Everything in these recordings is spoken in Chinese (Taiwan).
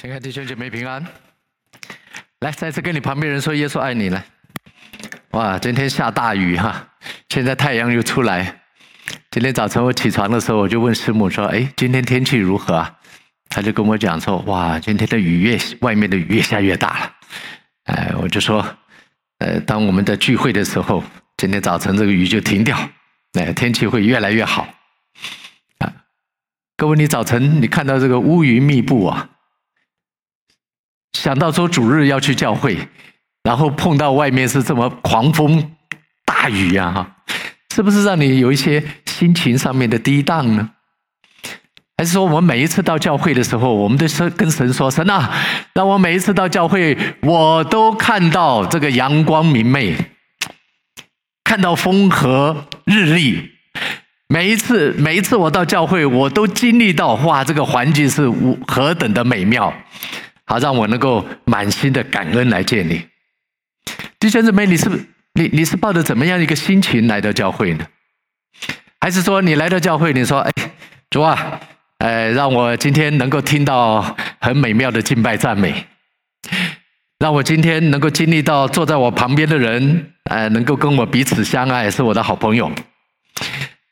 親愛的弟兄姐妹平安，來再次跟你旁邊人說耶穌愛你來。哇，今天下大雨哈、啊，現在太陽又出來。今天早晨我起床的時候，我就問師母說：“哎，今天天氣如何啊？”她就跟我講說：“哇，今天的雨越外面的雨越下越大了。呃”哎，我就說：“呃，當我們在聚會的時候，今天早晨這個雨就停掉，那、呃、天氣會越來越好。”啊，各位，你早晨你看到這個烏雲密布啊？想到說主日要去教會，然後碰到外面是這麼狂風大雨呀，哈，是不是讓你有一些心情上面的低檔呢？還是說我們每一次到教會的時候，我們都是跟神說：神啊，讓我每一次到教會，我都看到這個陽光明媚，看到風和日麗。每一次，每一次我到教會，我都經歷到哇，這個環境是何等的美妙。好，讓我能夠滿心的感恩來見你。弟兄姊妹，你是你你是抱着怎麼樣一個心情來到教會呢？還是說你來到教會，你說，哎，主啊，呃，讓我今天能夠聽到很美妙的敬拜讚美，讓我今天能夠經歷到坐在我旁邊的人，呃，能夠跟我彼此相愛，是我的好朋友。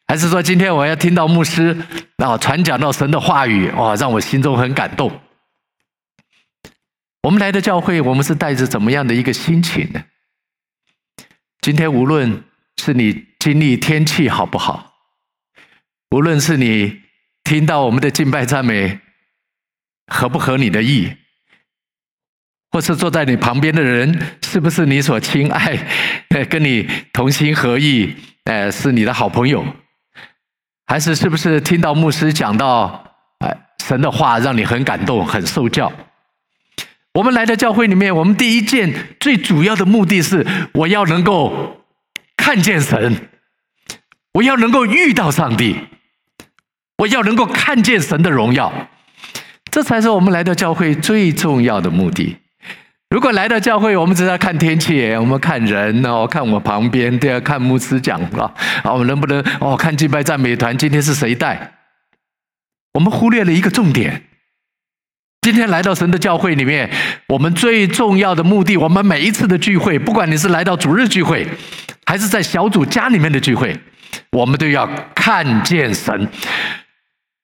還是說今天我要聽到牧師啊傳講到神的話語，哇、哦，讓我心中很感動。我們來的教會，我們是帶着怎麼樣的一個心情呢？今天無論是你經歷天氣好不好，無論是你聽到我們的敬拜讚美合不合你的意，或是坐在你旁邊的人是不是你所親愛、跟你同心合意、哎，是你的好朋友，還是是不是聽到牧師講到哎神的話，讓你很感動、很受教？我們來到教會裡面，我們第一件最主要的目的是，我要能夠看見神，我要能夠遇到上帝，我要能夠看見神的榮耀，這才是我們來到教會最重要的目的。如果來到教會，我們只要看天氣，我們看人哦，看我旁邊都要看牧師講啊，啊，我們能不能哦，看敬拜讚美團今天是誰帶，我們忽略了一個重點。今天來到神的教會裡面，我們最重要的目的，我們每一次的聚會，不管你是來到主日聚會，還是在小組家裡面的聚會，我們都要看見神。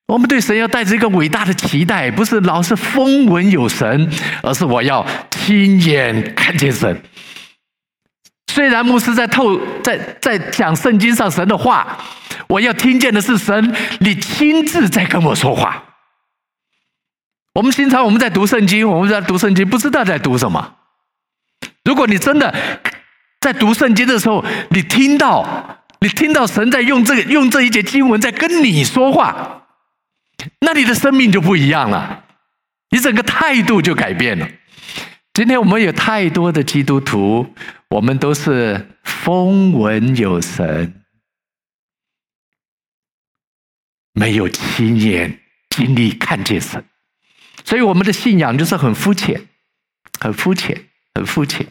我們對神要帶着一個偉大的期待，不是老是風聞有神，而是我要親眼看見神。雖然牧師在透，在在講聖經上神的話，我要聽見的是神，你親自在跟我說話。我們經常我們我們在讀聖經，我們在讀聖經，不知道在讀什麼。如果你真的在讀聖經的時候，你聽到你聽到神在用這個用這一節經文在跟你說話，那你的生命就不一樣了，你整個態度就改變了。今天我們有太多的基督徒，我們都是風聞有神，沒有親眼經歷看見神。所以我們的信仰就是很膚淺，很膚淺，很膚淺。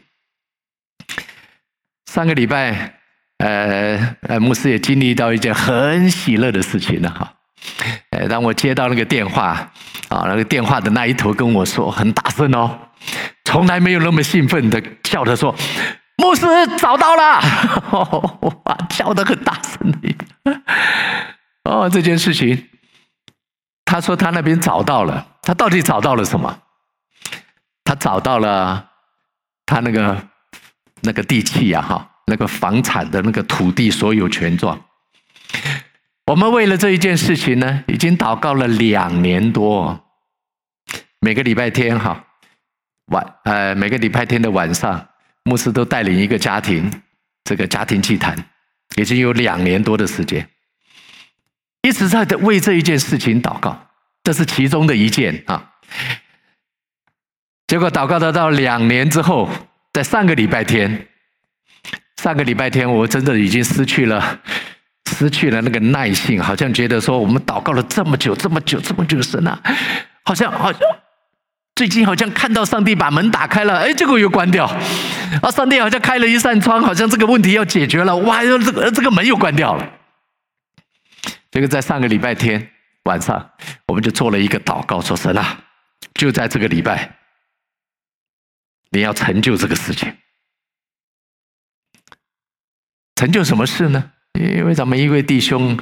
上個禮拜，呃，牧師也經歷到一件很喜樂的事情了、啊、哈、呃。當我接到那個電話，啊，那個電話的那一頭跟我說很大聲哦，從來沒有那麼興奮的叫他說，牧師找到了，哦、哇，叫的很大聲的，哦，這件事情。他說他那邊找到了，他到底找到了什麼？他找到了他那個那個地契呀，哈，那個房產的那個土地所有權狀。我們為了這一件事情呢，已經禱告了兩年多，每個禮拜天哈，晚，呃，每個禮拜天的晚上，牧師都帶領一個家庭，這個家庭祭壇，已經有兩年多的時間。一直在為這一件事情禱告，這是其中的一件啊。結果禱告得到兩年之後，在上個禮拜天，上個禮拜天我真的已經失去了，失去了那個耐性，好像覺得說我們禱告了這麼久，這麼久，這麼久，神啊，好像好像最近好像看到上帝把門打開了，哎，結果又關掉，啊，上帝好像開了一扇窗，好像這個問題要解決了，哇，這個這個門又關掉了。這個在上個禮拜天晚上，我們就做了一個禱告，說：“神啊，就在這個禮拜，你要成就這個事情。成就什麼事呢？因為咱們一位弟兄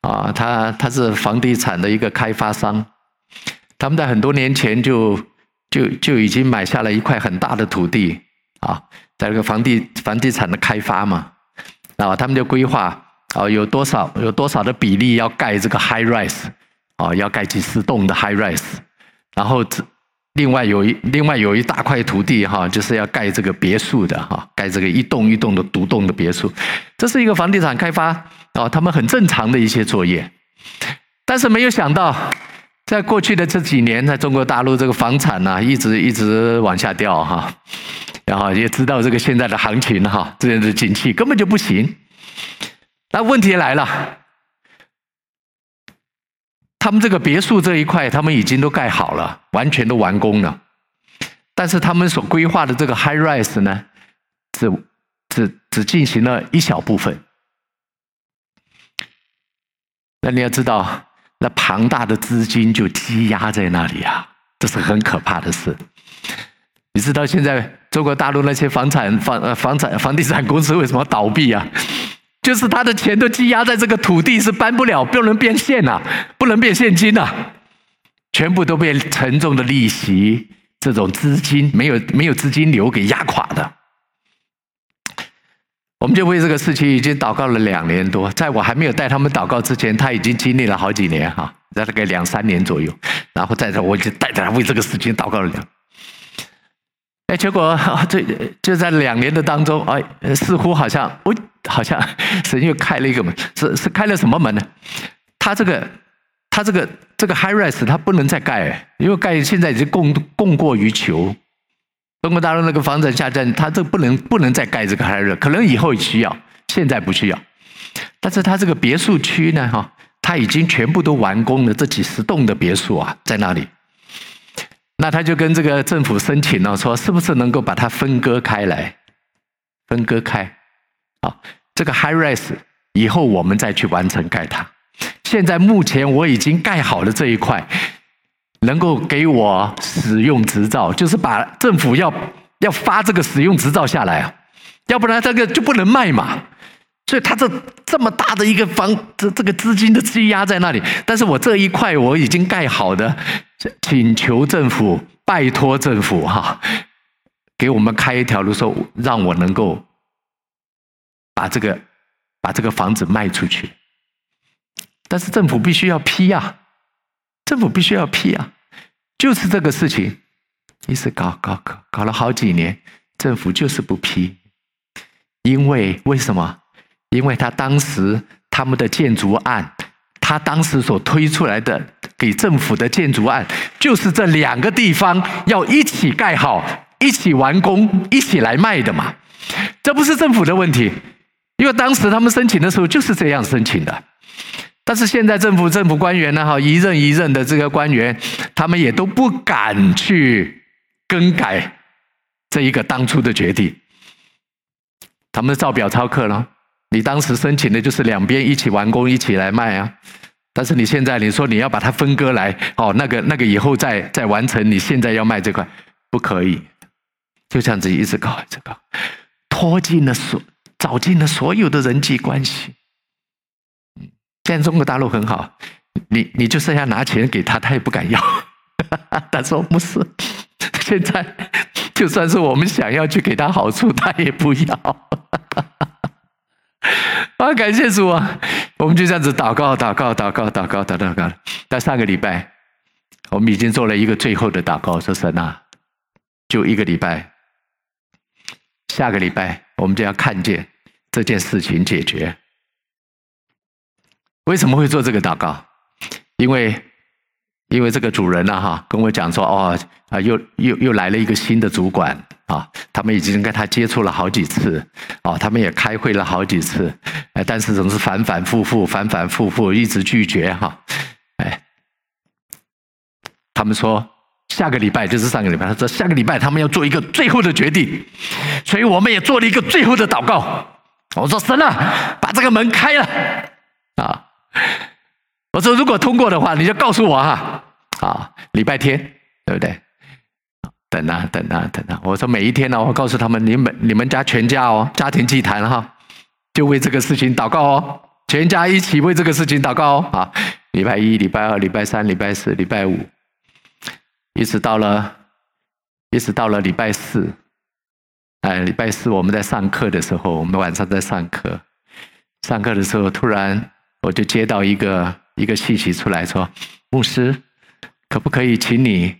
啊，他他是房地產的一個開發商，他們在很多年前就就就已經買下了一塊很大的土地啊，在這個房地房地產的開發嘛，然後他們就規劃，啊、哦，有多少有多少的比例要蓋這個 high rise，啊、哦，要蓋幾十棟的 high rise，然後另外有一另外有一大塊土地哈、哦，就是要蓋這個別墅的哈、哦，蓋這個一棟一棟的獨棟的別墅，這是一個房地產開發啊、哦，他們很正常的一些作業，但是沒有想到，在過去的這幾年，在中國大陸這個房產呢、啊，一直一直往下掉哈，然後也知道這個現在的行情哈、哦，這樣的景氣根本就不行。那問題來了，他們這個別墅這一塊，他們已經都蓋好了，完全都完工了，但是他們所規劃的這個 high rise 呢，只、只、只進行了一小部分。那你要知道，那龐大的資金就積壓在那裡啊，這是很可怕的事。你知道現在中國大陸那些房產、房、呃、房產、房地產公司為什麼倒閉啊？就是他的錢都積壓在這個土地，是搬不了，不能變現啊，不能變現金啊，全部都被沉重的利息這種資金沒有沒有資金流給壓垮的。我們就為這個事情已經禱告了兩年多，在我還沒有帶他們禱告之前，他已經經歷了好幾年哈，大概兩三年左右，然後在這我就帶着他為這個事情禱告了兩。哎，結果這就在兩年的當中，哎，似乎好像我。哦好像是又開了一個門，是，是開了什麼門呢？他這個，他這個這個 high rise 他不能再蓋，因為蓋現在已經供供過於求，中國大陸那個房產下降他這不能不能再蓋這個 high rise，可能以後也需要，現在不需要。但是他這個別墅區呢，哈，他已經全部都完工了，這幾十棟的別墅啊，在那裡。那他就跟這個政府申請了，說是不是能夠把它分割開來，分割開。好，這個 high rise 以後我們再去完成蓋它。現在目前我已經蓋好了這一塊，能夠給我使用執照，就是把政府要要發這個使用執照下來啊，要不然這個就不能賣嘛。所以他這這麼大的一個房，這這個資金的積壓在那裡。但是我這一塊，我已經蓋好的，請求政府拜託政府哈，給我們開一條路說，說讓我能夠。把這個，把這個房子賣出去，但是政府必須要批呀、啊，政府必須要批啊，就是這個事情，一直搞搞搞，搞了好幾年，政府就是不批，因為為什麼？因為他當時他們的建築案，他當時所推出來的給政府的建築案，就是這兩個地方要一起蓋好，一起完工，一起來賣的嘛，這不是政府的問題。因為當時他們申請的時候就是這樣申請的，但是現在政府政府官員呢，哈一任一任的這個官員，他們也都不敢去更改這一個當初的決定。他們照表操課了。你當時申請的就是兩邊一起完工，一起來賣啊，但是你現在你說你要把它分割來，哦，那個那個以後再再完成，你現在要賣這塊，不可以，就這樣子一直搞一直搞，拖進了所，找盡了所有的人際關係。現在中國大陸很好，你你就剩下拿錢給他，他也不敢要。他 說不是，現在就算是我們想要去給他好處，他也不要。 啊，感謝主啊！我們就這樣子禱告，禱告，禱告，禱告，禱告，禱告。但上個禮拜，我們已經做了一個最後的禱告，說神啊，就一個禮拜，下個禮拜。我們就要看見這件事情解決。為什麼會做這個禱告？因為，因為這個主人呢，哈，跟我講說，哦，啊，又又又來了一個新的主管啊，哦，他們已經跟他接觸了好幾次，啊，哦，他們也開會了好幾次，但是總是反反复复，反反复复，一直拒絕哈，哦，哎，他們說。下個禮拜就是上個禮拜，他說下個禮拜他們要做一個最後的決定，所以我們也做了一個最後的禱告。我說神啊，把這個門開了啊！我說如果通過的話，你就告訴我哈啊！禮拜天對不對？等啊等啊等啊！我說每一天呢，啊，我告訴他們，你們你們家全家哦，家庭祭壇哈，啊，就為這個事情禱告哦，全家一起為這個事情禱告哦啊！禮拜一、禮拜二、禮拜三、禮拜四、禮拜五。一直到了，一直到了禮拜四，哎，禮拜四我們在上課的時候，我們晚上在上課，上課的時候突然我就接到一個一個信息出來說，牧師，可不可以請你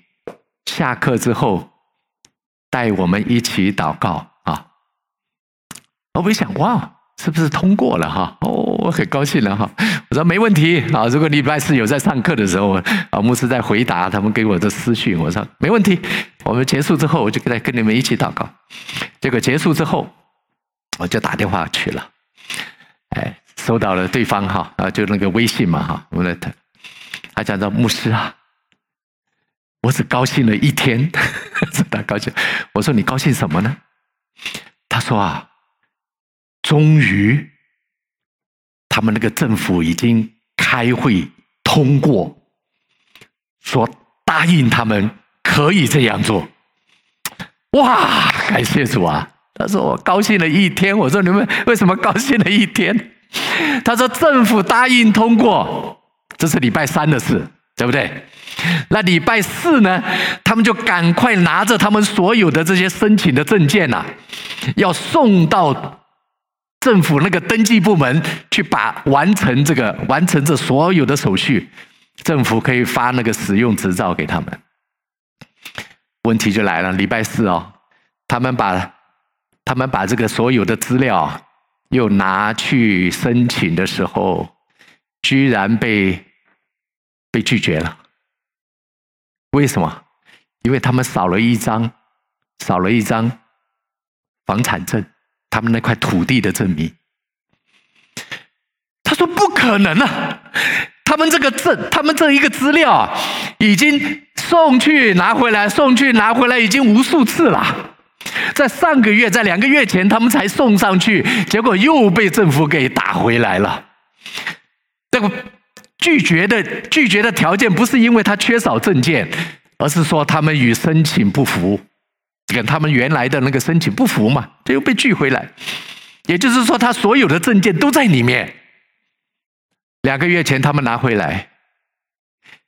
下課之後帶我們一起禱告啊？哦，我沒想，哇！是不是通過了哈？哦，我很高興了哈。我說沒問題啊。如果你禮拜四有在上課的時候，啊，牧師在回答他們給我的私訊，我說沒問題。我們結束之後，我就再跟你們一起禱告。結果結束之後，我就打電話去了。哎，收到了對方哈，啊，就那個微信嘛哈。我呢，他他講到牧師啊，我只高興了一天，真的高興。我說你高興什麼呢？他說啊。終於，他們那個政府已經開會通過，說答應他們可以這樣做。哇，感謝主啊！他說我高興了一天。我說你們為什麼高興了一天？他說政府答應通過，這是禮拜三的事，對不對？那禮拜四呢？他們就趕快拿着他們所有的這些申請的證件吶，要送到。政府那個登記部門去，把完成這個，完成這所有的手續，政府可以發那個使用執照給他們。問題就來了，禮拜四哦，他們把他們把這個所有的資料又拿去申請的時候，居然被被拒絕了。為什麼？因為他們少了一張，少了一張房產證。他們那塊土地的證明，他說不可能啊！他們這個證，他們這一個資料啊，已經送去拿回來，送去拿回來已經無數次了，在上個月，在兩個月前，他們才送上去，結果又被政府給打回來了。這個拒絕的拒絕的條件，不是因為他缺少證件，而是說他們與申請不符。跟他們原來的那個申請不符嘛，他又被拒回來。也就是說，他所有的證件都在裡面。兩個月前他們拿回來，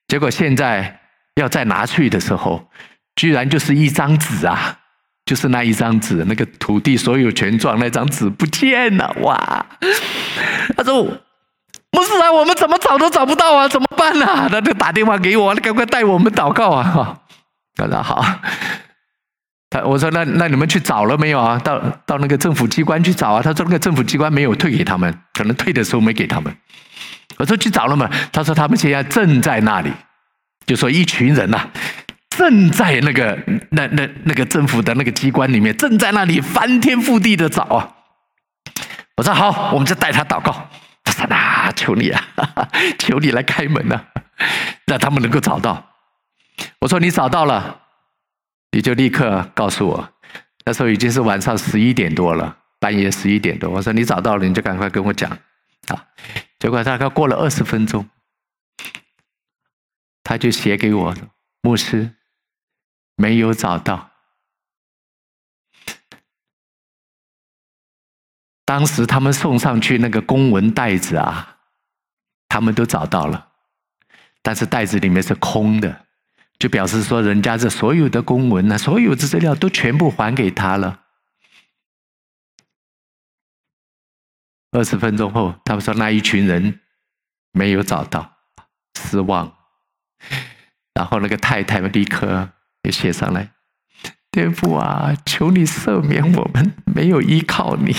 結果現在要再拿去的時候，居然就是一張紙啊，就是那一張紙，那個土地所有權狀那張紙不見了！哇，他說：“牧師啊，我們怎麼找都找不到啊，怎麼辦呢、啊？”他就打電話給我，趕快帶我們禱告啊！哈，大家好。他我說，那那你們去找了沒有啊？到到那個政府機關去找啊？他說那個政府機關沒有退給他們，可能退的時候沒給他們。我說去找了嗎？他說他們現在正在那裡，就說一群人吶、啊，正在那個那那那，那個政府的那個機關裡面正在那裡翻天覆地的找啊。我說好，我們就帶他禱告。他說那，求你啊，哈哈，求你來開門吶、啊，讓他們能夠找到。我說你找到了，你就立刻告訴我，那時候已經是晚上十一點多了，半夜十一點多。我說你找到了，你就趕快跟我講。啊，結果大概過了二十分鐘，他就寫給我，牧師沒有找到。當時他們送上去那個公文袋子啊，他們都找到了，但是袋子裡面是空的。就表示說，人家這所有的公文呢、啊，所有的資料都全部還給他了。二十分鐘後，他們說那一群人沒有找到，失望。然後那個太太立刻就寫上來：“天父啊，求你赦免我們，沒有依靠你。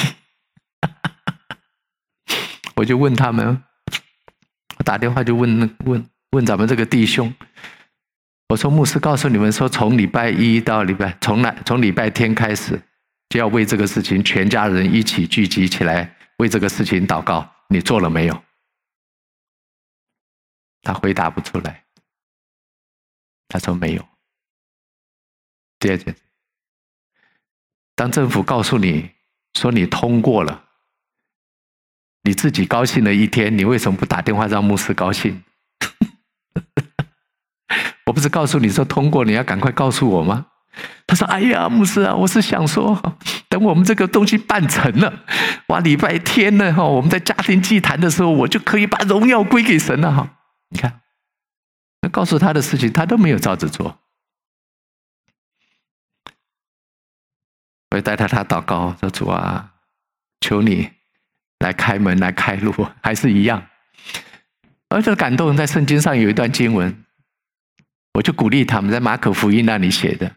”我就問他們，我打電話就問問問咱們這個弟兄。我說，牧師告訴你們說，從禮拜一到禮拜，從來從禮拜天開始就要為這個事情，全家人一起聚集起來為這個事情禱告。你做了沒有？他回答不出來。他說沒有。第二點。當政府告訴你說你通過了，你自己高興了一天，你為什麼不打電話讓牧師高興？我不是告訴你說，通過你要趕快告訴我嗎？他說：“哎呀，牧師啊，我是想說，等我們這個東西辦成了，哇，禮拜天呢哈，我們在家庭祭壇的時候，我就可以把榮耀歸給神了哈。你看，他告訴他的事情，他都沒有照着做。我就帶着他禱告說：主啊，求你來開門，來開路，還是一樣。而這感動，在聖經上有一段經文。”我就鼓勵他們在《馬可福音》那裡寫的：“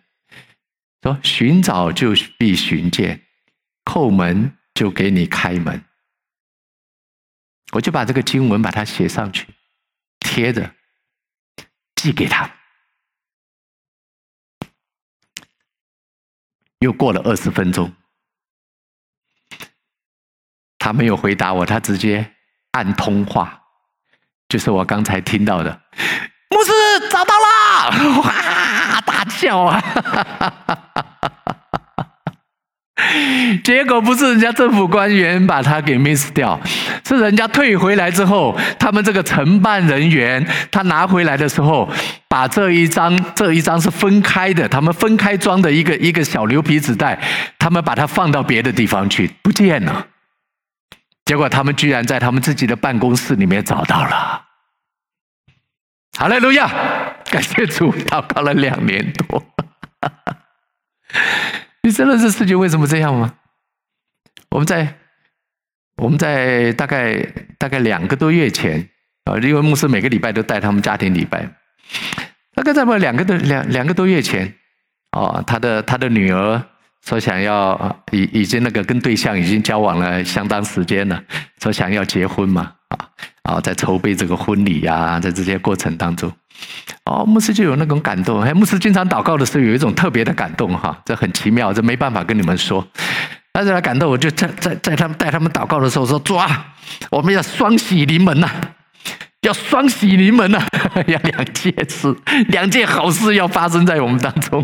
說尋找就必尋見，叩門就給你開門。”我就把這個經文把它寫上去，貼着寄給他。又過了二十分鐘，他沒有回答，我他直接按通話，就是我剛才聽到的：“牧師，找到了。”哇！大笑啊！ 結果不是人家政府官員把他給 miss 掉，是人家退回來之後，他們這個承辦人員他拿回來的時候，把這一張這一張是分開的，他們分開裝的一個一個小牛皮紙袋，他們把它放到別的地方去不見了。結果他們居然在他們自己的辦公室裡面找到了。哈利路亞。感謝，謝主，禱告了兩年多。 你知道這世界為什麼這樣嗎？我們在我們在大概大概兩個多月前啊，因為牧師每個禮拜都帶他們家庭禮拜，大概在麼兩個多兩兩個多月前啊，他的他的女兒說想要已已經那個跟對象已經交往了相當時間了，說想要結婚嘛啊。啊、哦，在籌備這個婚禮呀、啊，在這些過程當中，哦，牧師就有那種感動。哎，牧師經常禱告的時候有一種特別的感動哈，這很奇妙，這沒辦法跟你們說。但是，他感動，我就在在在他們帶他們禱告的時候說：“抓，我們要雙喜臨門吶、啊，要雙喜臨門吶、啊，要兩件事，兩件好事要發生在我們當中。”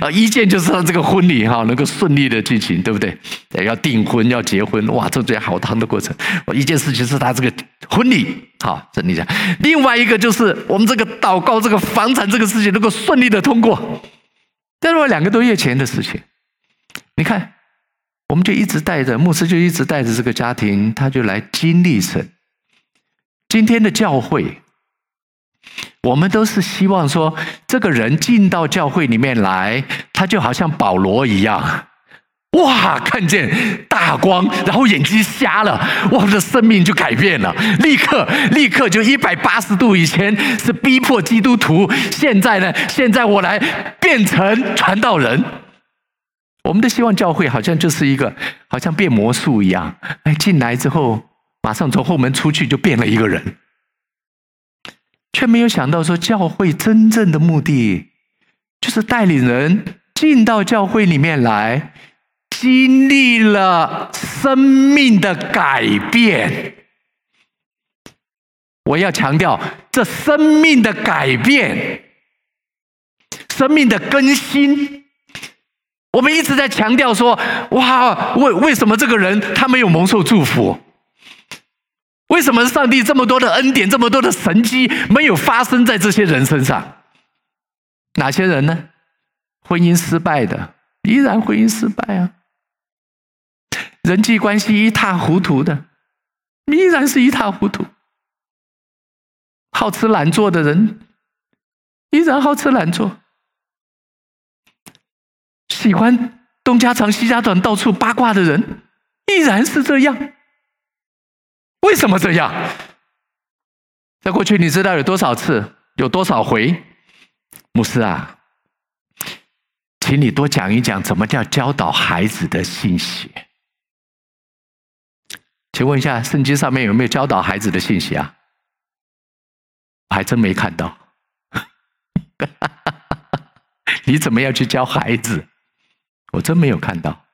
啊，一件就是他這個婚禮哈能夠順利的進行，對不對？要訂婚，要結婚，哇，這最好長的過程。一件事情是他這個婚禮，好，這你講。另外一個就是我們這個禱告、這個房產這個事情能夠順利的通過。這是兩個多月前的事情，你看，我們就一直帶着牧師，就一直帶着這個家庭，他就來經歷神。今天的教會。我們都是希望說，這個人進到教會裡面來，他就好像保羅一樣，哇，看見大光，然後眼睛瞎了，哇，這生命就改變了，立刻，立刻就一百八十度，以前是逼迫基督徒，現在呢，現在我來變成傳道人。我們的希望教會好像就是一個，好像變魔術一樣，哎，進來之後，馬上從後門出去就變了一個人。卻沒有想到，說教會真正的目的，就是帶領人進到教會裡面來，經歷了生命的改變。我要強調，這生命的改變，生命的更新，我們一直在強調說，哇，為為什麼這個人他沒有蒙受祝福？為什麼上帝這麼多的恩典，這麼多的神蹟沒有發生在這些人身上？哪些人呢？婚姻失敗的，依然婚姻失敗啊！人際關係一塌糊塗的，依然是一塌糊塗。好吃懶做的人，依然好吃懶做。喜歡東家長西家短，到處八卦的人，依然是這樣。為什麼這樣？在過去，你知道有多少次，有多少回，牧師啊，請你多講一講怎麼叫教導孩子的信息。請問一下，聖經上面有沒有教導孩子的信息啊？我還真沒看到。 你怎麼要去教孩子？我真沒有看到。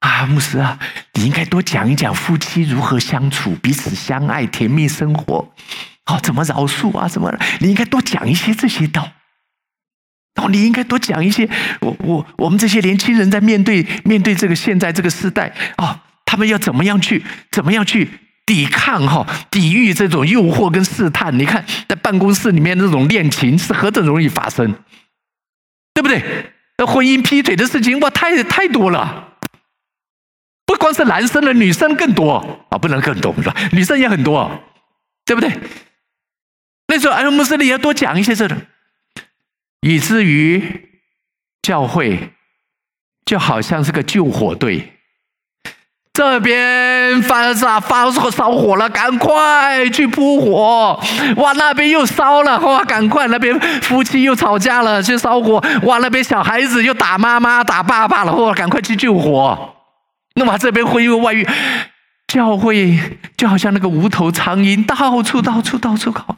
啊，牧師啊，你應該多講一講夫妻如何相處，彼此相愛，甜蜜生活。好、哦，怎麼饒恕啊？怎麼？你應該多講一些這些道。道、哦，你應該多講一些。我我我們這些年輕人在面對面對這個現在這個時代啊、哦，他們要怎麼樣去怎麼樣去抵抗哈，抵御這種誘惑跟試探。你看，在辦公室裡面那種戀情是何等容易發生，對不對？那婚姻劈腿的事情哇，太太多了。不光是男生的，女生更多啊、哦！不能更多，女生也很多，對不對？那時候哎呀，穆斯林要多講一些這種，以至於教會就好像是個救火隊，這邊發生發生燒火了，趕快去撲火！哇，那邊又燒了，哇，趕快那邊夫妻又吵架了，去燒火！哇，那邊小孩子又打媽媽打爸爸了，哇，趕快去救火！那麼這邊會因外遇，教會就好像那個無頭蒼蠅，到處到處到處搞,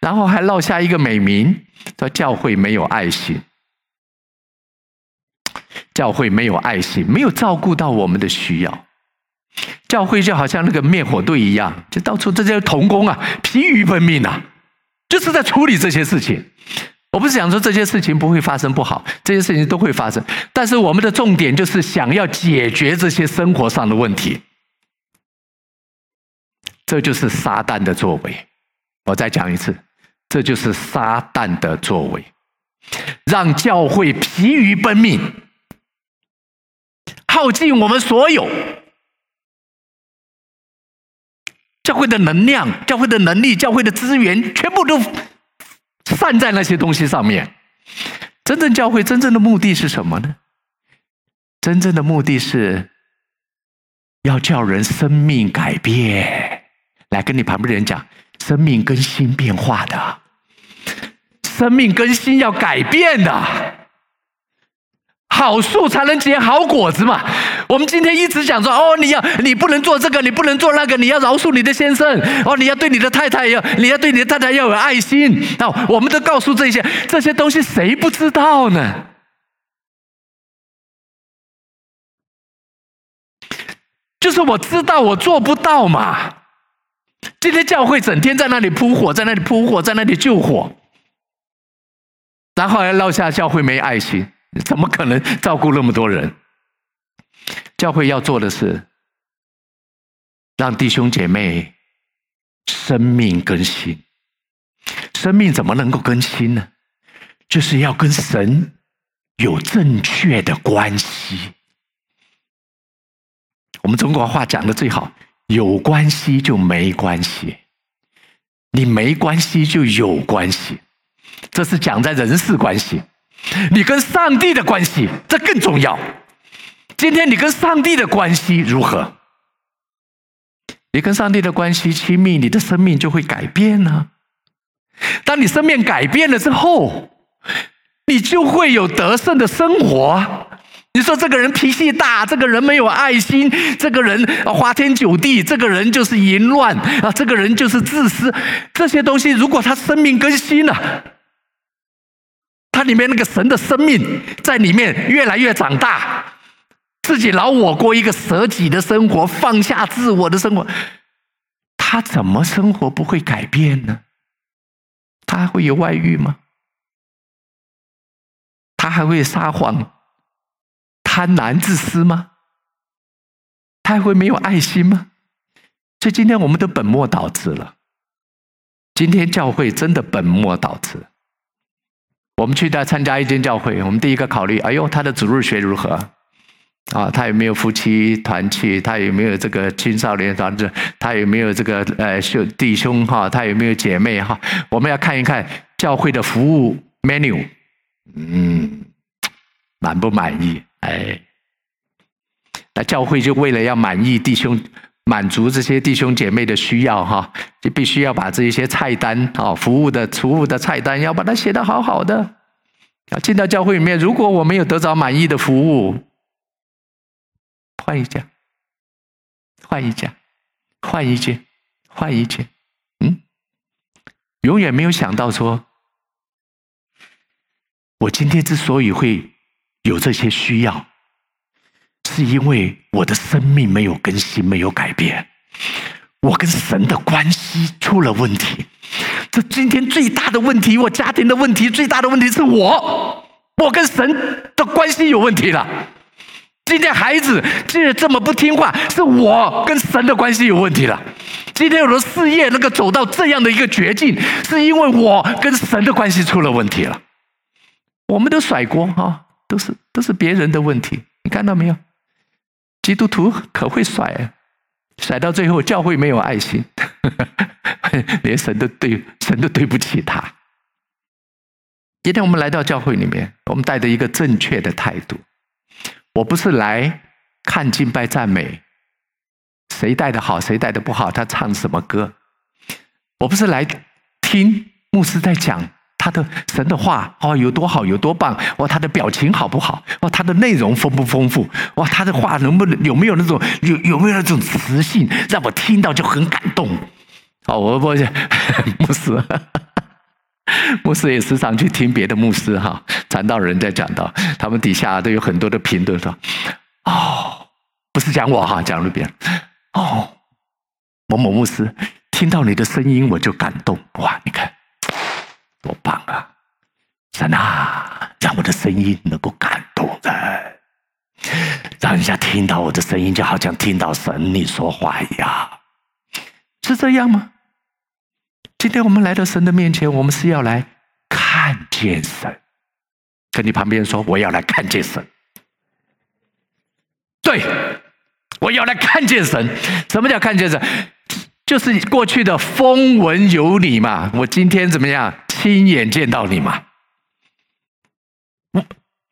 然後還落下一個美名，說教會沒有愛心，教會沒有愛心，沒有照顧到我們的需要，教會就好像那個滅火隊一樣，就到處這些同工啊，疲於奔命啊，就是在處理這些事情。我不是想說這些事情不會發生、不好，這些事情都會發生。但是我們的重點就是想要解決這些生活上的問題。這就是撒旦的作為。我再講一次，這就是撒旦的作為，讓教會疲於奔命，耗盡我們所有，教會的能量、教會的能力、教會的資源，全部都。散在那些東西上面，真正教會真正的目的是什麼呢？真正的目的是要叫人生命改變，來跟你旁邊的人講，生命更新變化的，生命更新要改變的。好樹才能結好果子嘛。我們今天一直講說，哦，你要你不能做這個，你不能做那個，你要饒恕你的先生，哦，你要對你的太太要，你要對你的太太要有愛心。那、哦、我們都告訴這些這些東西，誰不知道呢？就是我知道我做不到嘛。今天教會整天在那裡撲火，在那裡撲火，火，在那裡救火，然後還落下教會沒愛心。怎麼可能照顧那麼多人？教會要做的是，讓弟兄姐妹生命更新。生命怎麼能夠更新呢？就是要跟神有正確的關係。我們中國話講得最好：有關係就沒關係，你沒關係就有關係。這是講在人事關係。你跟上帝的關係，這更重要。今天你跟上帝的關係如何？你跟上帝的關係親密，你的生命就會改變呢啊。當你生命改變了之後，你就會有得勝的生活。你說這個人脾氣大，這個人沒有愛心，這個人花天酒地，這個人就是淫亂啊，這個人就是自私。這些東西，如果他生命更新了。裡面那個神的生命在裡面越來越長大，自己老我過一個捨己的生活，放下自我的生活，他怎麼生活不會改變呢？他還會有外遇嗎？他還會撒謊、貪婪、自私嗎？他還會沒有愛心嗎？所以今天我們都本末倒置了。今天教會真的本末倒置。我們去到參加一間教會，我們第一個考慮：哎呦，他的主日學如何？啊，他有沒有夫妻團契？他有沒有這個青少年團子？他有沒有這個呃兄弟兄哈？他有沒有姐妹哈？我們要看一看教會的服務 menu，嗯，滿不滿意？哎，那教會就為了要滿意弟兄。滿足這些弟兄姐妹的需要，哈，就必須要把這一些菜單哦，服務的、服務的菜單，要把它寫得好好的。要進到教會裡面，如果我沒有得着滿意的服務，換一家，換一家，換一間，換一間，嗯，永遠沒有想到說，我今天之所以會有這些需要，是因為我的生命沒有更新，沒有改變，我跟神的關係出了問題。這今天最大的問題，我家庭的問題最大的問題是我，我跟神的關係有問題了。今天孩子竟然這麼不聽話，是我跟神的關係有問題了。今天我的事業能夠走到這樣的一個絕境，是因為我跟神的關係出了問題了。我們都甩鍋啊，都是都是別人的問題，你看到沒有？基督徒可會甩啊，甩到最後教會沒有愛心，呵呵，連神都對神都對不起他。今天我們來到教會裡面，我們帶着一個正確的態度，我不是來看敬拜讚美，誰帶的好，誰帶的不好，他唱什麼歌，我不是來聽牧師在講。他的神的話哦有多好有多棒，哇！他的表情好不好哇？他的內容豐不豐富哇？他的話能不能有沒有那種有有沒有那種磁性，讓我聽到就很感動？哦，我不是牧師呵呵，牧師也時常去聽別的牧師哈、啊，傳道人在講道，他們底下都有很多的評論說哦，不是講我哈，講別人哦，某某牧師聽到你的聲音我就感動哇！你看。多棒啊！神啊，讓我的聲音能夠感動人、啊，讓人家聽到我的聲音，就好像聽到神你說話一樣，是這樣嗎？今天我們來到神的面前，我們是要來看見神，在你旁邊說：“我要來看見神。”對，我要來看見神。什麼叫看見神？就是過去的風聞有你嘛。我今天怎麼樣？親眼見到你嗎？我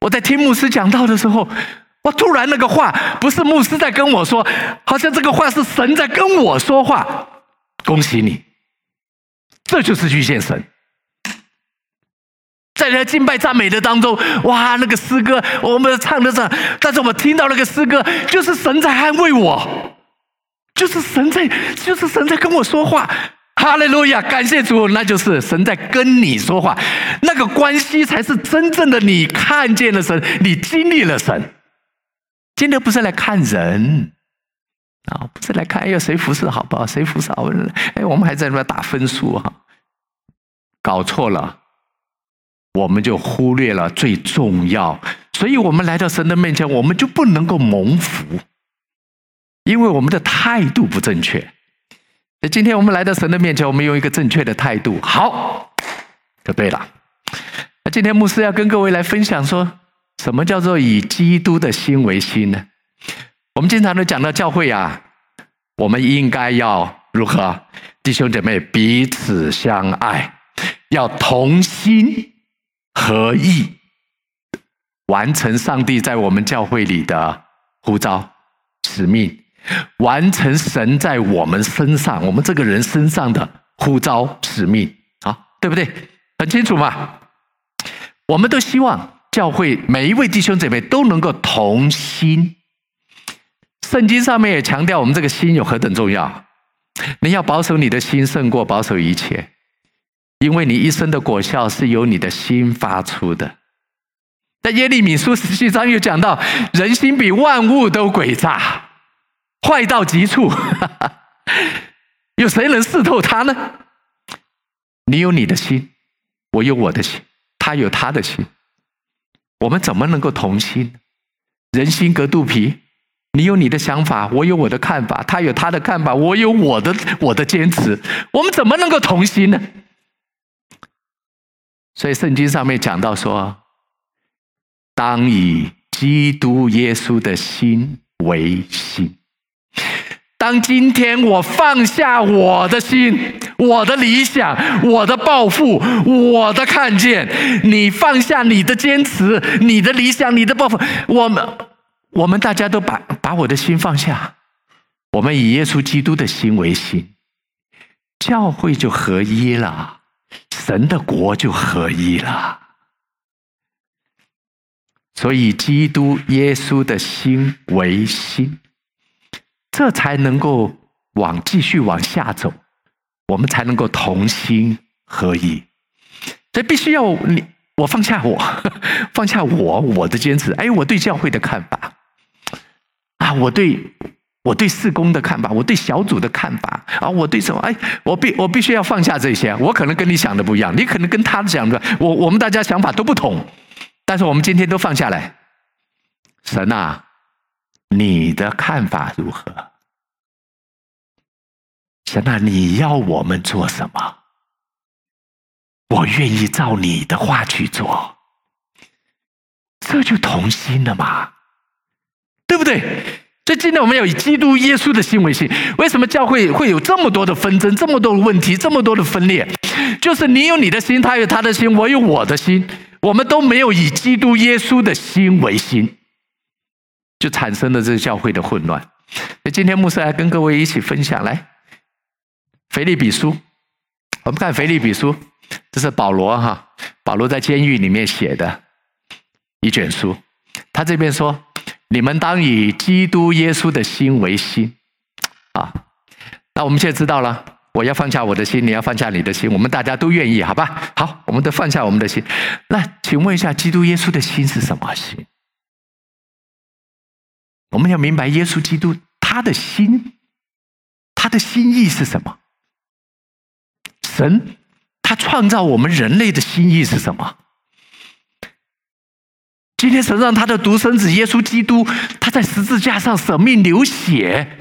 我在聽牧師講道的時候，我突然那個話不是牧師在跟我說，好像這個話是神在跟我說話。恭喜你，這就是遇見神。在那敬拜讚美的當中，哇，那個詩歌我們唱的這，但是我聽到那個詩歌，就是神在安慰我，就是神在，就是神在跟我說話。哈利路亞！感謝主，那就是神在跟你說話，那個關係才是真正的。你看見了神，你經歷了神。今天不是來看人啊，不是來看哎呀，誰服侍好不好？誰服侍好人？哎，我們還在那邊打分數哈啊，搞錯了，我們就忽略了最重要。所以我們來到神的面前，我們就不能夠蒙福，因為我們的態度不正確。那今天我們來到神的面前，我們用一個正確的態度，好，就對了。那今天牧師要跟各位來分享說，說什麼叫做以基督的心為心呢？我們經常都講到教會啊，我們應該要如何？弟兄姐妹彼此相愛，要同心合意，完成上帝在我們教會裡的呼召使命。完成神在我們身上，我們這個人身上的呼召使命，啊，對不對？很清楚嘛。我們都希望教會每一位弟兄姐妹都能夠同心。聖經上面也強調，我們這個心有何等重要？你要保守你的心，勝過保守一切，因為你一生的果效是由你的心發出的。在耶利米書十七章又講到，人心比萬物都詭詐。壞到極處，哈 哈，有誰能識透他呢？你有你的心，我有我的心，他有他的心，我們怎麼能夠同心？人心隔肚皮，你有你的想法，我有我的看法，他有他的看法，我有我的我的堅持，我們怎麼能夠同心呢？所以聖經上面講到說，當以基督耶穌的心為心。當今天我放下我的心、我的理想、我的抱負、我的看見，你放下你的堅持、你的理想、你的抱負，我們我們大家都把把我的心放下，我們以耶穌基督的心為心，教會就合一了，神的國就合一了。所以，以基督耶穌的心為心。這才能夠往繼續往下走，我們才能夠同心合意。所以必須要你我放下我，放下我我的堅持，哎，我對教會的看法，啊，我對我對事工的看法，我對小組的看法，啊，我對什麼？哎，我必我必須要放下這些。我可能跟你想的不一樣，你可能跟他講的想法，我我們大家想法都不同。但是我們今天都放下來，神啊！你的看法如何？現在你要我們做什麼？我願意照你的話去做，這就同心了嘛？對不對？所以，今天我們要以基督耶穌的心為心。為什麼教會會有這麼多的紛爭、這麼多的問題、這麼多的分裂？就是你有你的心，他有他的心，我有我的心，我們都沒有以基督耶穌的心為心。就產生了這個教會的混亂。那今天牧師來跟各位一起分享，來《腓立比書》，我們看《腓立比書》，這是保羅哈，保羅在監獄裡面寫的一卷書。他這邊說：“你們當以基督耶穌的心為心。”啊，那我們現在知道了，我要放下我的心，你要放下你的心，我們大家都願意，好吧？好，我們都放下我們的心。那請問一下，基督耶穌的心是什麼心？我們要明白，耶穌基督他的心，他的心意是什麼？神他創造我們人類的心意是什麼？今天神讓他的獨生子耶穌基督，他在十字架上舍命流血，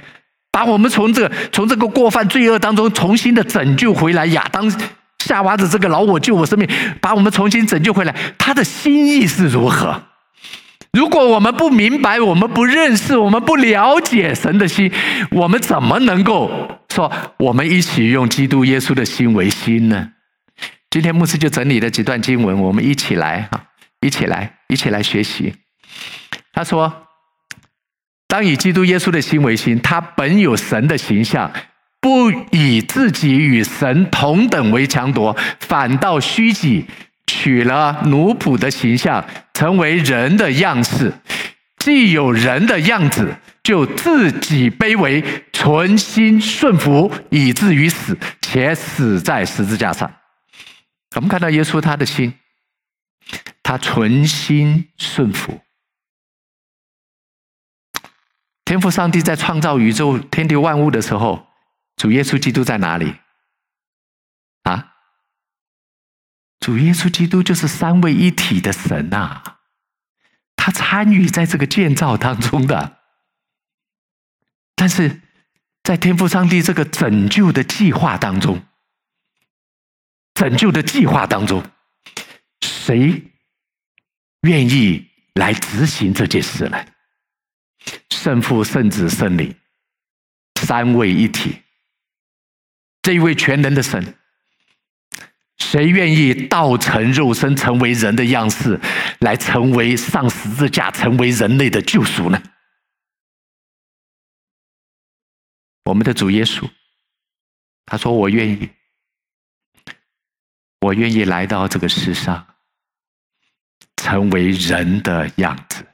把我們從這個、從這個過犯罪惡當中重新的拯救回來。亞當夏娃的這個老我救我生命，把我們重新拯救回來，他的心意是如何？如果我們不明白，我們不認識，我們不了解神的心，我們怎麼能夠說我們一起用基督耶穌的心為心呢？今天牧師就整理了幾段經文，我們一起來哈，一起來，一起來學習。他說：“當以基督耶穌的心為心，他本有神的形象，不以自己與神同等為強奪，反倒虛己。”取了奴僕的形象，成為人的樣式；既有人的樣子，就自己卑微，存心順服，以至於死，且死在十字架上。我們看到耶穌，他的心，他存心順服。天父上帝在創造宇宙天地萬物的時候，主耶穌基督在哪裡？啊？主耶穌基督就是三位一體的神吶、啊，他參與在這個建造當中的，但是在天父上帝這個拯救的計劃當中，拯救的計劃當中，誰願意來執行這件事呢？聖父、聖子、聖靈，三位一體，這一位全能的神。誰願意道成肉身，成為人的樣式，來成為上十字架，成為人類的救贖呢？我們的主耶穌，他說：“我願意，我願意來到這個世上，成為人的樣子，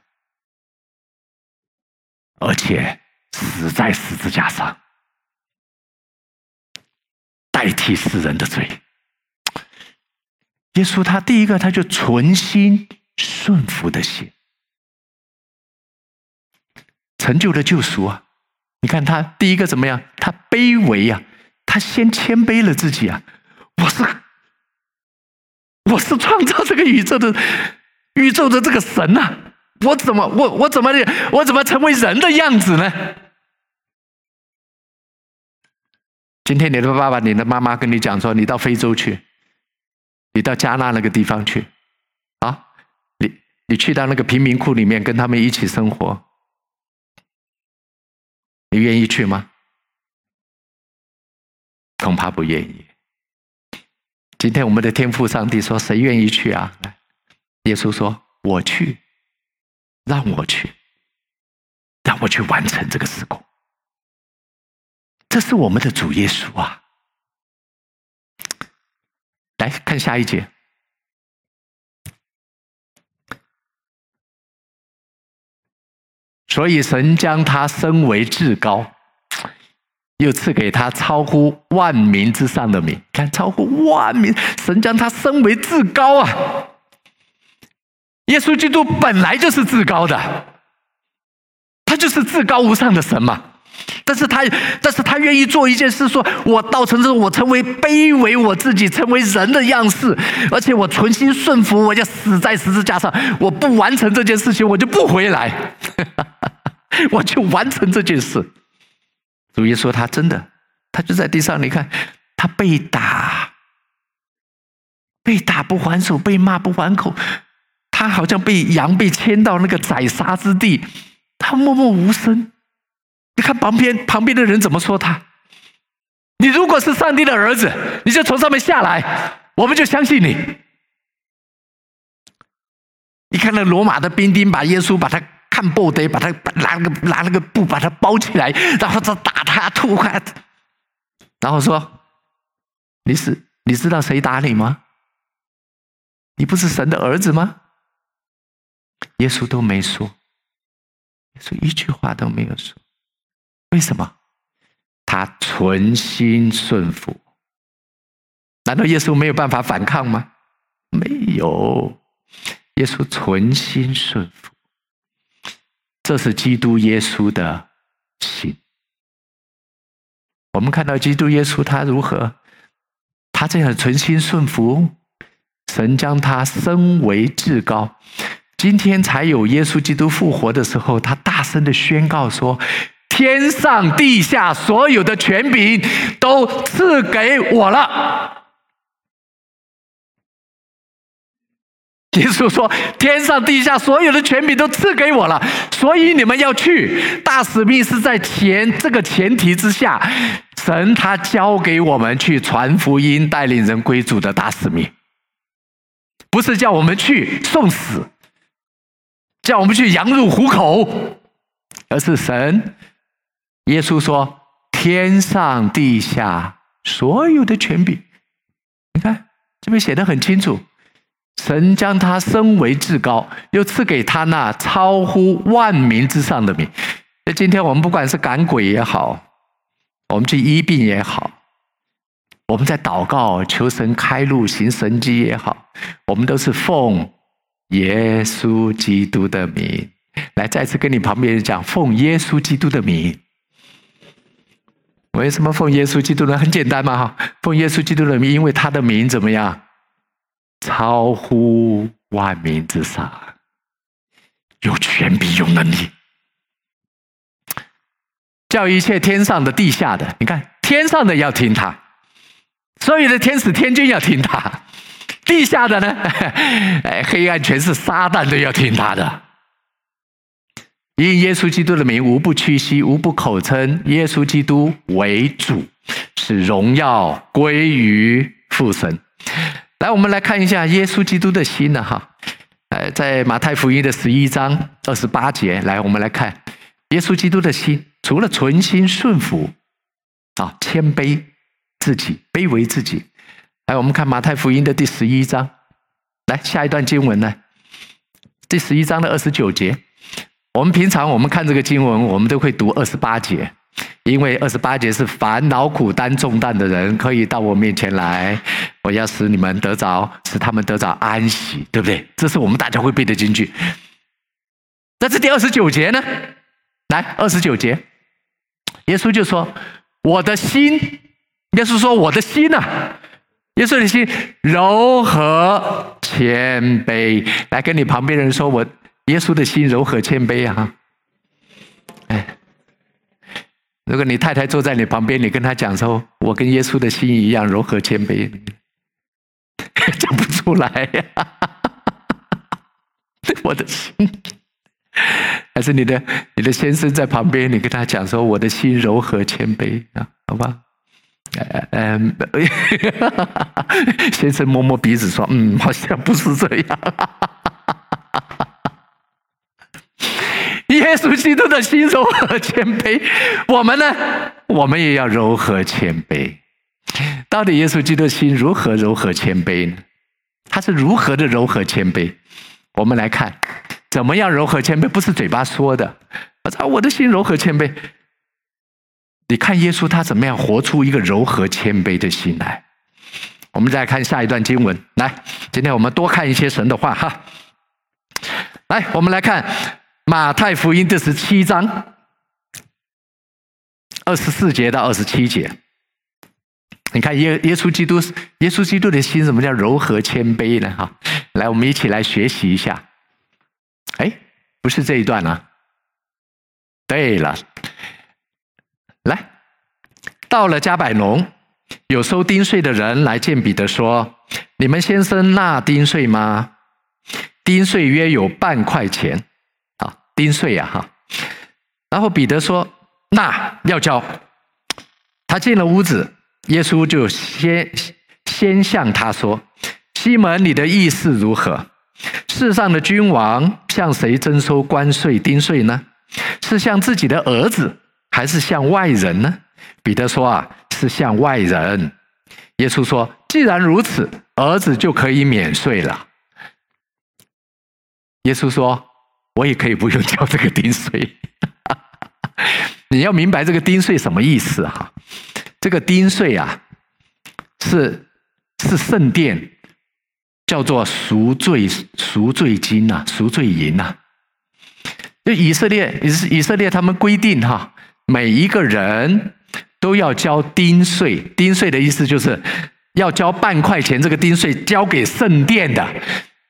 而且死在十字架上，代替世人的罪。”耶穌，他第一個，他就存心順服的心，成就了救贖啊！你看他第一個怎麼樣？他卑微啊，他先謙卑了自己啊！我是，我是創造這個宇宙的，宇宙的這個神吶、啊！我怎麼，我我怎麼，我怎麼成為人的樣子呢？今天你的爸爸、你的媽媽跟你講說，你到非洲去。你到加納那個地方去，啊，你你去到那個貧民窟裡面跟他們一起生活，你願意去嗎？恐怕不願意。今天我們的天父上帝說：“誰願意去啊？”耶穌說：“我去，讓我去，讓我去完成這個事工。”這是我們的主耶穌啊。來看下一節。所以神將他升為至高，又賜給他超乎萬名之上的名。看，超乎萬名，神將他升為至高啊！耶穌基督本來就是至高的，他就是至高無上的神嘛。但是他，但是他願意做一件事，說，我到成之後，我成為卑微我自己，成為人的樣式，而且我存心順服，我要死在十字架上，我不完成這件事情，我就不回來， 我去完成這件事。主耶穌，他真的，他就在地上，你看，他被打，被打不還手，被罵不還口，他好像被羊被牽到那個宰殺之地，他默默無聲。你看旁邊，旁邊的人怎麼說他？你如果是上帝的兒子，你就從上面下來，我們就相信你。你看那羅馬的兵丁把耶穌把他看破的，把他拿個拿了個布把他包起來，然後他打他吐血，然後說：“你是你知道誰打你嗎？你不是神的兒子嗎？”耶穌都沒說，耶穌一句話都沒有說。為什麼他存心順服？難道耶穌沒有辦法反抗嗎？沒有，耶穌存心順服，這是基督耶穌的心。我們看到基督耶穌他如何，他這樣存心順服，神將他升為至高。今天才有耶穌基督復活的時候，他大聲的宣告說。天上地下所有的權柄都賜給我了。耶穌說：“天上地下所有的權柄都賜給我了。”所以你們要去，大使命是在前這個前提之下，神他教給我們去傳福音、帶領人歸主的大使命，不是叫我們去送死，叫我們去羊入虎口，而是神。耶穌說：“天上地下所有的權柄，你看這邊寫的很清楚。神將他升為至高，又賜給他那超乎萬民之上的名。那今天我們不管是趕鬼也好，我們去醫病也好，我們在禱告求神開路行神蹟也好，我們都是奉耶穌基督的名。來，再次跟你旁邊人講，奉耶穌基督的名。”為什麼奉耶穌基督呢？很簡單嘛，奉耶穌基督呢，因為他的名怎麼樣？超乎萬名之上，有權柄，有能力，叫一切天上的、地下的，你看天上的要聽他，所有的天使天君要聽他，地下的呢，哎，黑暗全是撒旦都要聽他的。以耶穌基督的名，無不屈膝，無不口稱耶穌基督為主，使榮耀歸於父神。來，我們來看一下耶穌基督的心呢？哈，哎，在馬太福音的十一章二十八節。來，我們來看耶穌基督的心，除了存心順服，啊，謙卑自己，卑微自己。來，我們看馬太福音的第十一章。來，下一段經文呢？第十一章的二十九節。我們平常我們看這個經文，我們都會讀二十八節，因為二十八節是凡勞苦擔重擔的人可以到我面前來，我要使你們得着，使他們得着安息，對不對？這是我們大家會背的金句。那這第二十九節呢？來，二十九節，耶穌就說：“我的心。”耶穌說：“我的心呢、啊？”耶穌的心柔和謙卑，來跟你旁邊人說：“我。”耶穌的心柔和謙卑啊！哎，如果你太太坐在你旁邊，你跟她講說：“我跟耶穌的心一樣柔和謙卑。”講不出來呀、啊！我的心還是你的，你的先生在旁邊，你跟他講說：“我的心柔和謙卑啊，好吧？”嗯，先生摸摸鼻子說：“嗯，好像不是這樣、啊。”耶穌基督的心柔和謙卑，我們呢？我們也要柔和謙卑。到底耶穌基督的心如何柔和謙卑呢？他是如何的柔和謙卑？我們來看，怎麼樣柔和謙卑？不是嘴巴說的，我說，我的心柔和謙卑。你看耶穌他怎麼樣活出一個柔和謙卑的心來？我們再來看下一段經文。來，今天我們多看一些神的話哈。來，我們來看。馬太福音第十七章，二十四節到二十七節，你看耶，耶耶穌基督，耶穌基督的心，什麼叫柔和謙卑呢？哈，來，我們一起來學習一下。哎，不是這一段啊。對了，來到了加百農，有收丁稅的人來見彼得說：“你們先生納丁稅嗎？丁稅約有半塊錢。”丁稅呀，哈！然後彼得說：“那要交。”他進了屋子，耶穌就先先向他說：“西門，你的意思如何？世上的君王向誰徵收關稅、丁稅呢？是向自己的兒子，還是向外人呢？”彼得說：“啊，是向外人。”耶穌說：“既然如此，兒子就可以免稅了。”耶穌說。我也可以不用交這個丁稅， 你要明白這個丁稅什麼意思哈、啊？這個丁稅啊，是是聖殿叫做贖罪贖罪金吶、啊，贖罪銀吶、啊。那以色列以色列他們規定哈、啊，每一個人都要交丁稅，丁稅的意思就是要交半塊錢，這個丁稅交給聖殿的。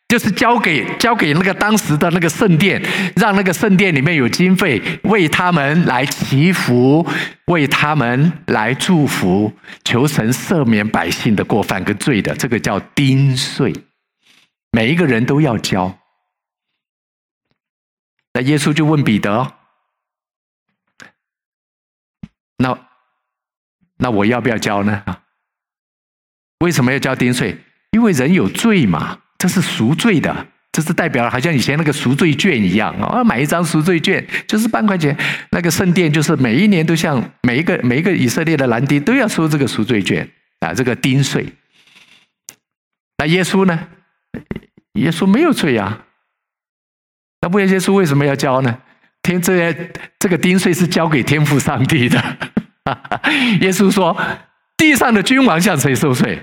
就是交給交給那個當時的那個聖殿，讓那個聖殿裡面有經費為他們來祈福，為他們來祝福，求神赦免百姓的過犯跟罪的，這個叫丁稅，每一個人都要交。那耶穌就問彼得：“那那我要不要交呢？為什麼要交丁稅？因為人有罪嘛。”這是贖罪的，這是代表好像以前那個贖罪券一樣啊，買一張贖罪券就是半塊錢。那個聖殿就是每一年都像每一個每一個以色列的男丁都要收這個贖罪券啊，這個丁稅。那耶穌呢？耶穌沒有罪啊。那不然耶穌為什麼要交呢？天這些這個丁稅是交給天父上帝的。耶穌說：“地上的君王向誰收稅？”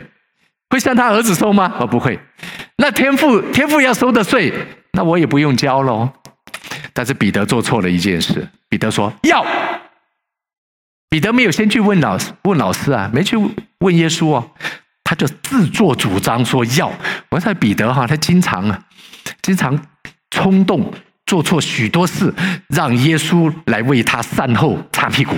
會向他兒子收嗎？哦，不會。那天父天父要收的稅，那我也不用交嘍。但是彼得做錯了一件事。彼得說要，彼得沒有先去問老師，問老師啊，沒去問耶穌哦，他就自作主張說要。我說彼得哈、啊，他經常啊，經常衝動，做錯許多事，讓耶穌來為他善後、擦屁股。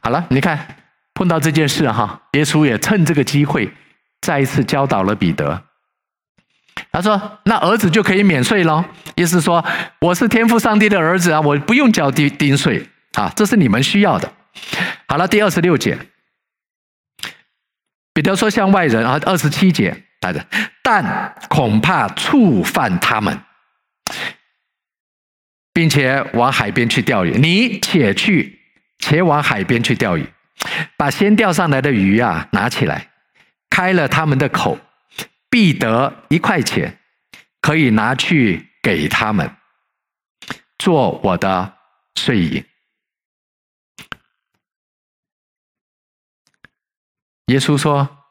好了，你看。碰到這件事哈，耶穌也趁這個機會，再一次教導了彼得。他說：“那兒子就可以免稅嘍。”意思是說，我是天父上帝的兒子啊，我不用交丁丁稅啊，這是你們需要的。好了，第二十六節，彼得說向外人啊。二十七節，來着，但恐怕觸犯他們，並且往海邊去釣魚。你且去，且往海邊去釣魚。把先釣上來的魚啊拿起來，開了他們的口，必得一塊錢，可以拿去給他們做我的稅銀。耶穌說：“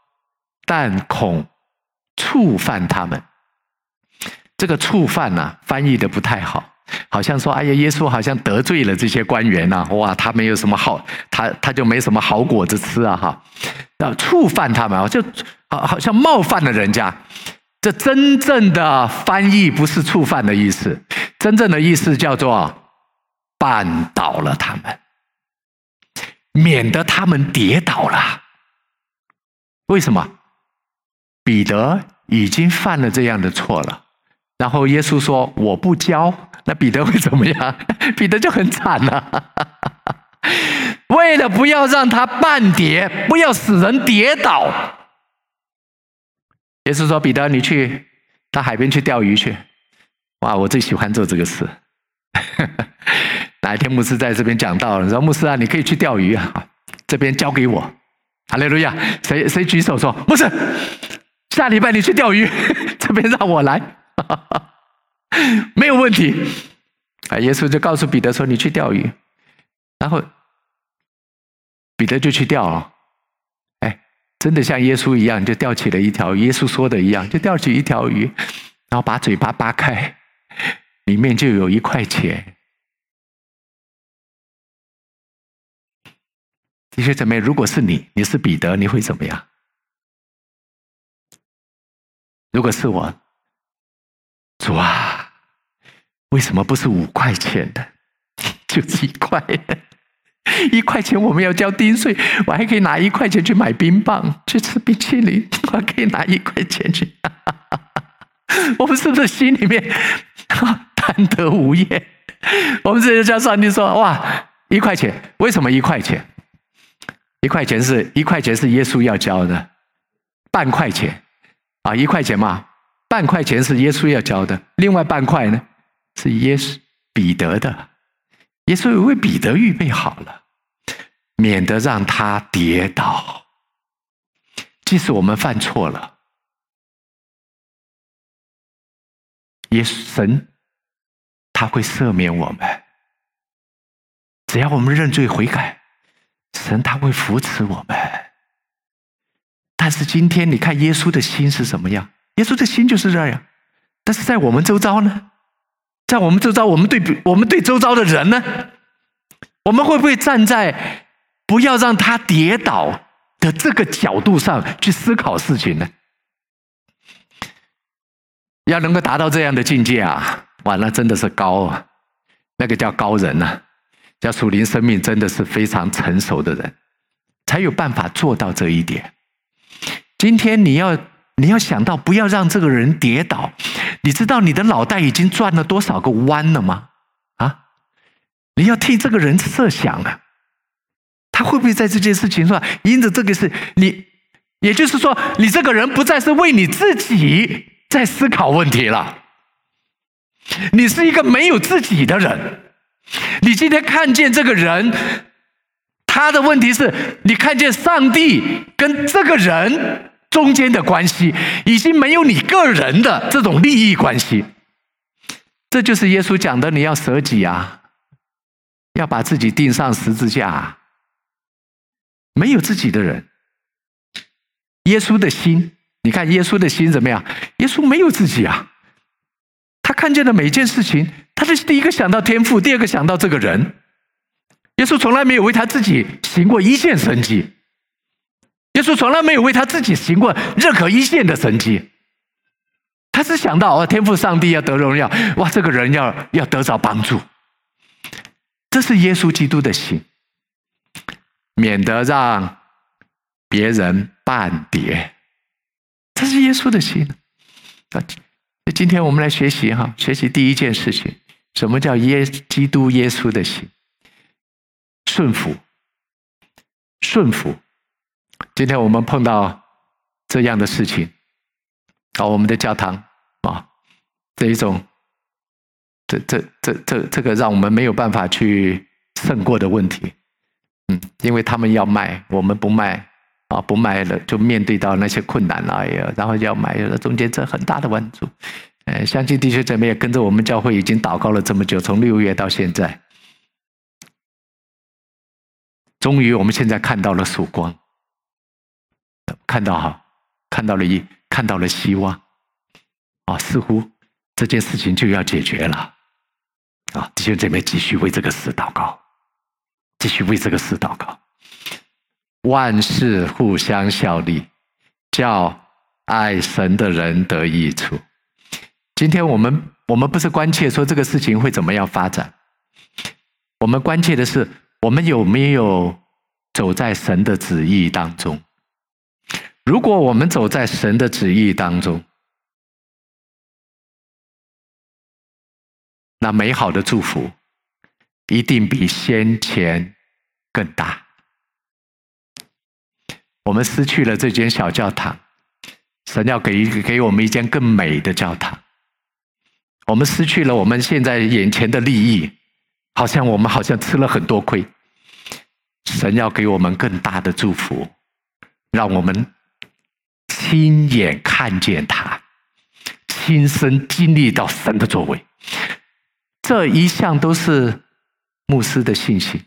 但恐觸犯他們。”這個觸犯呢、啊，翻譯的不太好。好像說，哎呀，耶穌好像得罪了這些官員吶，啊，哇，他沒有什麼好，他他就沒什麼好果子吃啊，哈，要觸犯他們，就好好像冒犯了人家。這真正的翻譯不是觸犯的意思，真正的意思叫做絆倒了他們，免得他們跌倒了。為什麼？彼得已經犯了這樣的錯了。然後耶穌說：“我不教，那彼得會怎麼樣？彼得就很慘了，啊。 為了不要讓他絆跌，不要使人跌倒，耶穌說：‘彼得，你去到海邊去釣魚去。’哇，我最喜歡做這個事。 哪一天牧師在這邊講道了，然後說牧師啊，你可以去釣魚啊，這邊交給我。哈利路亞。誰誰舉手說，不是，下禮拜你去釣魚，這邊讓我來。”哈哈， 沒有問題。啊，耶穌就告訴彼得說：“你去釣魚。”然後彼得就去釣了、哦。哎，真的像耶穌一樣，就釣起了一條。耶穌說的一樣，就釣起一條魚，然後把嘴巴扒開，裡面就有一塊錢。你覺得怎麼樣？如果是你，你是彼得，你會怎麼樣？如果是我？主啊，為什麼不是五塊錢的，就是一塊的？一塊錢我們要交丁稅，我還可以拿一塊錢去買冰棒，去吃冰淇淋，我還可以拿一塊錢去。 我們是不是心裡面貪得無厭？我們這就叫上帝說：哇，一塊錢，為什麼一塊錢？一塊錢是一塊錢是耶穌要交的，半塊錢啊，一塊錢嘛。半塊錢是耶穌要交的，另外半塊呢，是耶穌彼得的，耶穌也為彼得預備好了，免得讓他跌倒。即使我們犯錯了，耶神他會赦免我們，只要我們認罪悔改，神他會扶持我們。但是今天你看耶穌的心是什麼樣？耶穌的心就是這樣，但是在我們周遭呢，在我們周遭，我們對比我們對周遭的人呢，我們會不會站在不要讓他跌倒的這個角度上去思考事情呢？要能夠達到這樣的境界啊！完了，真的是高，那個叫高人吶、啊，叫屬靈，生命真的是非常成熟的人，才有辦法做到這一點。今天你要。你要想到不要讓這個人跌倒，你知道你的腦袋已經轉了多少個彎了嗎？啊，你要替這個人設想啊，他會不會在這件事情上因着這個事，你也就是說，你這個人不再是為你自己在思考問題了，你是一個沒有自己的人。你今天看見這個人，他的問題是，你看見上帝跟這個人。中間的關係已經沒有你個人的這種利益關係，這就是耶穌講的，你要捨己啊，要把自己釘上十字架。沒有自己的人，耶穌的心，你看耶穌的心怎麼樣？耶穌沒有自己啊，他看見的每件事情，他是第一個想到天父，第二個想到這個人。耶穌從來沒有為他自己行過一件神蹟。耶穌從來沒有為他自己行過任何一件的神蹟，他只想到啊、哦，天父上帝要得榮耀，哇，這個人要要得到幫助，這是耶穌基督的心，免得讓別人絆跌，這是耶穌的心。啊，今天我們來學習哈，學習第一件事情，什麼叫耶基督耶穌的心？順服，順服。今天我們碰到這樣的事情，啊、哦，我們的教堂啊、哦，這一種，這這這這這個讓我們沒有辦法去勝過的問題，嗯，因為他們要賣，我們不賣，啊、哦，不賣了就面對到那些困難了，哎呀，然後要買，中間這很大的彎路。嗯、哎，相信弟兄姊妹也跟着我們教會已經禱告了這麼久，從六月到現在，終於我們現在看到了曙光。看到哈，看到了一，看到了希望，啊，似乎這件事情就要解決了，啊，弟兄姐妹繼續為這個事禱告，繼續為這個事禱告，萬事互相效力，叫愛神的人得益處。今天我們我們不是關切說這個事情會怎麼樣發展，我們關切的是我們有沒有走在神的旨意當中。如果我們走在神的旨意當中，那美好的祝福一定比先前更大。我們失去了這間小教堂，神要給給我們一間更美的教堂。我們失去了我們現在眼前的利益，好像我們好像吃了很多虧。神要給我們更大的祝福，讓我們。親眼看見他，親身經歷到神的作為，這一向都是牧師的信心。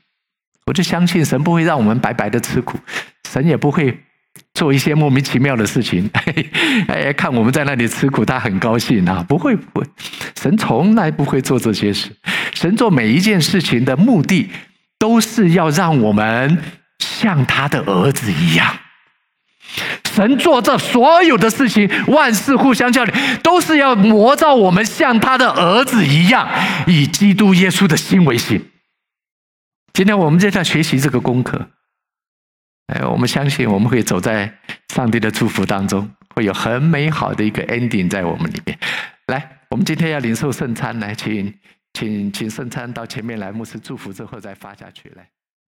我就相信神不會讓我們白白的吃苦，神也不會做一些莫名其妙的事情。哎，哎看我們在那裡吃苦，他很高興啊！不會不會，神從來不會做這些事。神做每一件事情的目的，都是要讓我們像他的兒子一樣。神做這所有的事情，萬事互相效力，都是要模造我們像他的兒子一樣，以基督耶穌的心為心。今天我們正在學習這個功課，哎，我們相信我們會走在上帝的祝福當中，會有很美好的一個 ending 在我們裡面。來，我們今天要領受聖餐，來，請請請聖餐到前面來，牧師祝福之後再發下去來。